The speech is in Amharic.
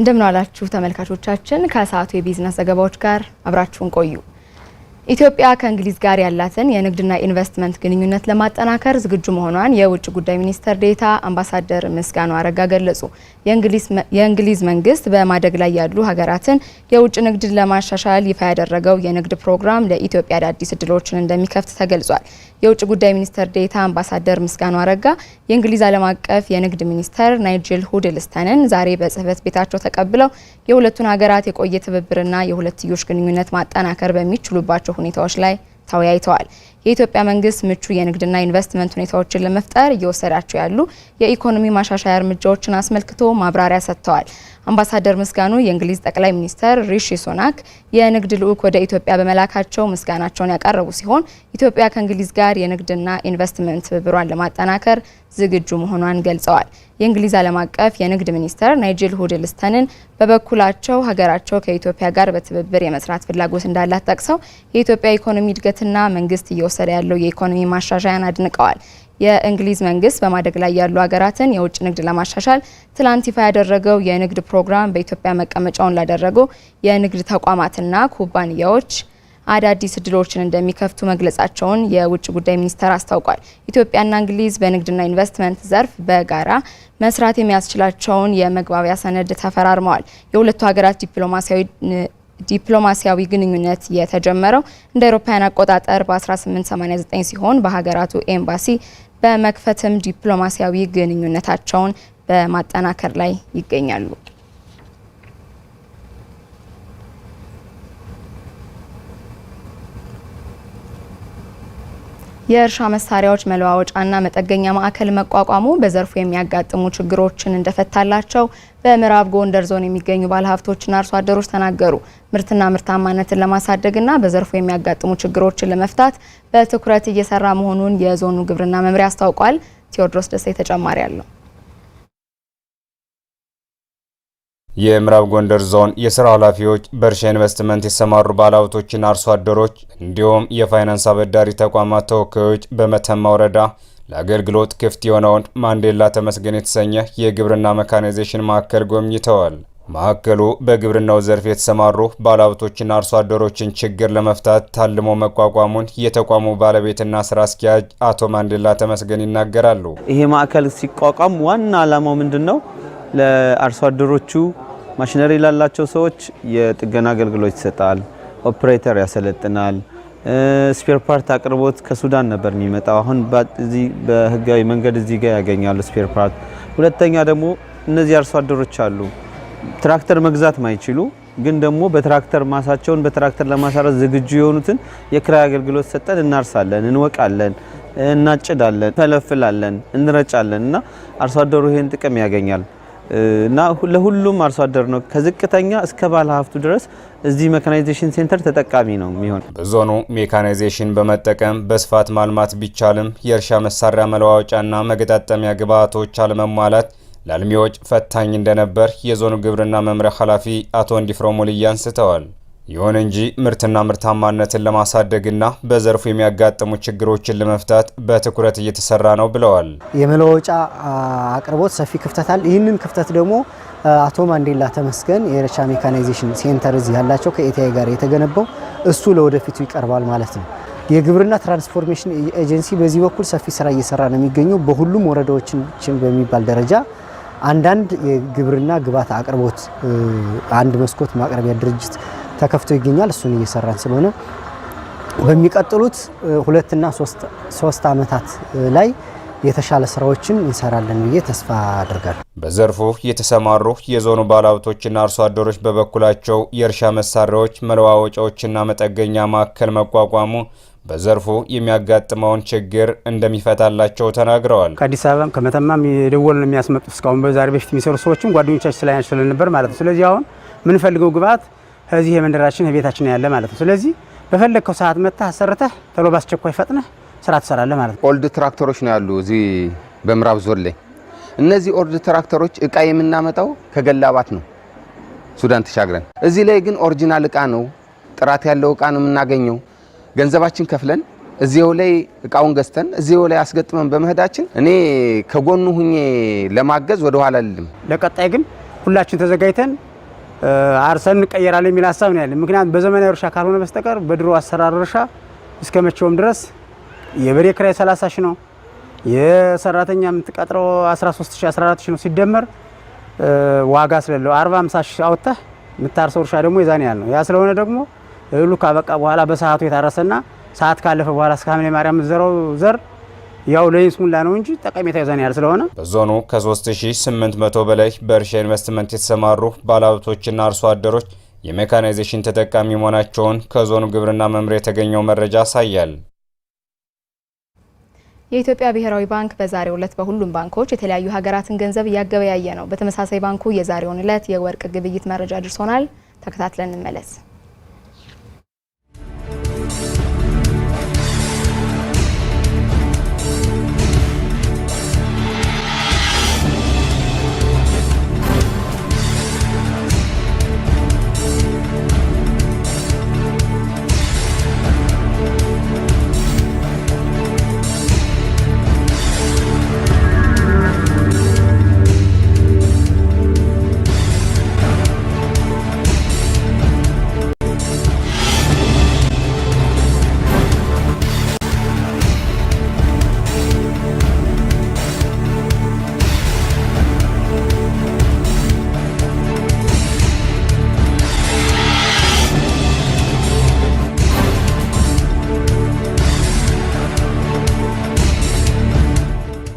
እንደምን ተመልካቾቻችን። ከሰዓቱ የቢዝነስ ዘገባዎች ጋር አብራችሁን ቆዩ። ኢትዮጵያ ከእንግሊዝ ጋር ያላትን የንግድና ኢንቨስትመንት ግንኙነት ለማጠናከር ዝግጁ መሆኗን የውጭ ጉዳይ ሚኒስትር ዴኤታ አምባሳደር ምስጋኑ አረጋ ገለጹ። የእንግሊዝ መንግስት በማደግ ላይ ያሉ ሀገራትን የውጭ ንግድ ለማሻሻል ይፋ ያደረገው የንግድ ፕሮግራም ለኢትዮጵያ አዳዲስ እድሎችን እንደሚከፍት ተገልጿል። የውጭ ጉዳይ ሚኒስተር ዴታ አምባሳደር ምስጋኑ አረጋ የእንግሊዝ ዓለም አቀፍ የንግድ ሚኒስተር ናይጅል ሁድልስተንን ዛሬ በጽህፈት ቤታቸው ተቀብለው የሁለቱን ሀገራት የቆየ ትብብርና የሁለትዮሽ ግንኙነት ማጠናከር በሚችሉባቸው ሁኔታዎች ላይ ተወያይተዋል። የኢትዮጵያ መንግስት ምቹ የንግድና ኢንቨስትመንት ሁኔታዎችን ለመፍጠር እየወሰዳቸው ያሉ የኢኮኖሚ ማሻሻያ እርምጃዎችን አስመልክቶ ማብራሪያ ሰጥተዋል። አምባሳደር ምስጋኑ የእንግሊዝ ጠቅላይ ሚኒስተር ሪሺ ሶናክ የንግድ ልዑክ ወደ ኢትዮጵያ በመላካቸው ምስጋናቸውን ያቀረቡ ሲሆን ኢትዮጵያ ከእንግሊዝ ጋር የንግድና ኢንቨስትመንት ትብብሯን ለማጠናከር ዝግጁ መሆኗን ገልጸዋል። የእንግሊዝ ዓለም አቀፍ የንግድ ሚኒስተር ናይጅል ሁድልስተንን በበኩላቸው ሀገራቸው ከኢትዮጵያ ጋር በትብብር የመስራት ፍላጎት እንዳላት ጠቅሰው የኢትዮጵያ ኢኮኖሚ እድገትና መንግስት እየወሰደ ያለው የኢኮኖሚ ማሻሻያን አድንቀዋል። የእንግሊዝ መንግስት በማደግ ላይ ያሉ ሀገራትን የውጭ ንግድ ለማሻሻል ትላንት ይፋ ያደረገው የንግድ ፕሮግራም በኢትዮጵያ መቀመጫውን ላደረጉ የንግድ ተቋማትና ኩባንያዎች አዳዲስ እድሎችን እንደሚከፍቱ መግለጻቸውን የውጭ ጉዳይ ሚኒስቴር አስታውቋል። ኢትዮጵያና እንግሊዝ በንግድና ኢንቨስትመንት ዘርፍ በጋራ መስራት የሚያስችላቸውን የመግባቢያ ሰነድ ተፈራርመዋል። የሁለቱ ሀገራት ዲፕሎማሲያዊ ዲፕሎማሲያዊ ግንኙነት የተጀመረው እንደ አውሮፓውያን አቆጣጠር በ1889 ሲሆን በሀገራቱ ኤምባሲ በመክፈትም ዲፕሎማሲያዊ ግንኙነታቸውን በማጠናከር ላይ ይገኛሉ። የእርሻ መሳሪያዎች መለዋወጫና መጠገኛ ማዕከል መቋቋሙ በዘርፉ የሚያጋጥሙ ችግሮችን እንደፈታላቸው በምዕራብ ጎንደር ዞን የሚገኙ ባለሀብቶችና አርሶ አደሮች ተናገሩ። ምርትና ምርታማነትን ለማሳደግና በዘርፉ የሚያጋጥሙ ችግሮችን ለመፍታት በትኩረት እየሰራ መሆኑን የዞኑ ግብርና መምሪያ አስታውቋል። ቴዎድሮስ ደሴ ተጨማሪ አለው። የምዕራብ ጎንደር ዞን የስራ ኃላፊዎች በእርሻ ኢንቨስትመንት የሰማሩ ባለሀብቶችና አርሶ አደሮች እንዲሁም የፋይናንስ አበዳሪ ተቋማት ተወካዮች በመተማ ወረዳ ለአገልግሎት ክፍት የሆነውን ማንዴላ ተመስገን የተሰኘ የግብርና መካናይዜሽን ማዕከል ጎብኝተዋል። ማዕከሉ በግብርናው ዘርፍ የተሰማሩ ባለሀብቶችና አርሶ አደሮችን ችግር ለመፍታት ታልሞ መቋቋሙን የተቋሙ ባለቤትና ስራ አስኪያጅ አቶ ማንዴላ ተመስገን ይናገራሉ። ይሄ ማዕከል ሲቋቋም ዋና ዓላማው ምንድን ነው? ለአርሶ አደሮቹ ማሽነሪ ላላቸው ሰዎች የጥገና አገልግሎት ይሰጣል። ኦፕሬተር ያሰለጥናል። ስፔር ፓርት አቅርቦት ከሱዳን ነበር የሚመጣው። አሁን እዚህ በህጋዊ መንገድ እዚህ ጋር ያገኛሉ ስፔር ፓርት። ሁለተኛ ደግሞ እነዚህ አርሶ አደሮች አሉ ትራክተር መግዛት ማይችሉ ግን ደግሞ በትራክተር ማሳቸውን በትራክተር ለማሳረስ ዝግጁ የሆኑትን የክራይ አገልግሎት ሰጠን እናርሳለን፣ እንወቃለን፣ እናጭዳለን፣ እንፈለፍላለን፣ እንረጫለን እና አርሶ አደሩ ይህን ጥቅም ያገኛል። እና ለሁሉም አርሶ አደር ነው ከዝቅተኛ እስከ ባለ ሀብቱ ድረስ እዚህ ሜካናይዜሽን ሴንተር ተጠቃሚ ነው የሚሆን። በዞኑ ሜካናይዜሽን በመጠቀም በስፋት ማልማት ቢቻልም የእርሻ መሳሪያ መለዋወጫና መገጣጠሚያ ግብዓቶች አለመሟላት ለአልሚዎች ፈታኝ እንደነበር የዞኑ ግብርና መምሪያ ኃላፊ አቶ እንዲፍሮ ሙልያ አንስተዋል። ይሁን እንጂ ምርትና ምርታማነትን ለማሳደግና በዘርፉ የሚያጋጥሙ ችግሮችን ለመፍታት በትኩረት እየተሰራ ነው ብለዋል። የመለወጫ አቅርቦት ሰፊ ክፍተት አለ። ይህንን ክፍተት ደግሞ አቶ ማንዴላ ተመስገን የእርሻ ሜካናይዜሽን ሴንተር እዚህ ያላቸው ከኤቲአይ ጋር የተገነባው እሱ ለወደፊቱ ይቀርባል ማለት ነው። የግብርና ትራንስፎርሜሽን ኤጀንሲ በዚህ በኩል ሰፊ ስራ እየሰራ ነው የሚገኘው በሁሉም ወረዳዎችን በሚባል ደረጃ አንዳንድ የግብርና ግብዓት አቅርቦት አንድ መስኮት ማቅረቢያ ድርጅት ተከፍቶ ይገኛል። እሱን እየሰራን ስለሆነ በሚቀጥሉት ሁለትና ሶስት ዓመታት ላይ የተሻለ ስራዎችን እንሰራለን ብዬ ተስፋ አድርጋል። በዘርፉ የተሰማሩ የዞኑ ባለሀብቶችና አርሶ አደሮች በበኩላቸው የእርሻ መሳሪያዎች መለዋወጫዎችና መጠገኛ ማዕከል መቋቋሙ በዘርፉ የሚያጋጥመውን ችግር እንደሚፈታላቸው ተናግረዋል። ከአዲስ አበባም ከመተማም የደወል ነው የሚያስመጡት። እስካሁን በዛሬ በፊት የሚሰሩ ሰዎችም ጓደኞቻችን ስላያችለን ስለነበር ማለት ነው። ስለዚህ አሁን ምንፈልገው ግብአት እዚህ የመንደራችን የቤታችን ያለ ማለት ነው። ስለዚህ በፈለግከው ሰዓት መጥተህ አሰርተህ ተሎ ባስቸኳይ ፈጥነህ ስራ ትሰራለህ ማለት ነው። ኦልድ ትራክተሮች ነው ያሉ እዚህ በምዕራብ ዞን ላይ። እነዚህ ኦልድ ትራክተሮች እቃ የምናመጣው ከገላባት ነው ሱዳን ተሻግረን። እዚህ ላይ ግን ኦሪጂናል እቃ ነው፣ ጥራት ያለው እቃ ነው የምናገኘው። ገንዘባችን ከፍለን እዚው ላይ እቃውን ገዝተን እዚው ላይ አስገጥመን በመሄዳችን እኔ ከጎኑ ሁኜ ለማገዝ ወደኋላ አልልም። ለቀጣይ ግን ሁላችን ተዘጋጅተን አርሰን እንቀየራለን የሚል ሀሳብ ነው ያለን። ምክንያቱም በዘመናዊ እርሻ ካልሆነ በስተቀር በድሮ አሰራር እርሻ እስከ መቼውም ድረስ የበሬ ክራይ 30 ሺ ነው፣ የሰራተኛ የምትቀጥረው 13 ሺህ 14 ሺ ነው ሲደመር ዋጋ ስለለው 40 50 ሺ አውጥተህ የምታርሰው እርሻ ደግሞ የዛን ያህል ነው። ያ ስለሆነ ደግሞ እህሉ ካበቃ በኋላ በሰዓቱ የታረሰና ሰዓት ካለፈ በኋላ እስከ ሐምሌ ማርያም ዘረው ዘር ያው ለይስሙላ ነው እንጂ ጠቀሜታ ይዘን ያል ስለሆነ በዞኑ ከ3800 በላይ በእርሻ ኢንቨስትመንት የተሰማሩ ባለሀብቶችና አርሶ አደሮች የሜካናይዜሽን ተጠቃሚ መሆናቸውን ከዞኑ ግብርና መምሪያ የተገኘው መረጃ ያሳያል። የኢትዮጵያ ብሔራዊ ባንክ በዛሬው ዕለት በሁሉም ባንኮች የተለያዩ ሀገራትን ገንዘብ እያገበያየ ነው። በተመሳሳይ ባንኩ የዛሬውን ዕለት የወርቅ ግብይት መረጃ ደርሶናል። ተከታትለን እንመለስ።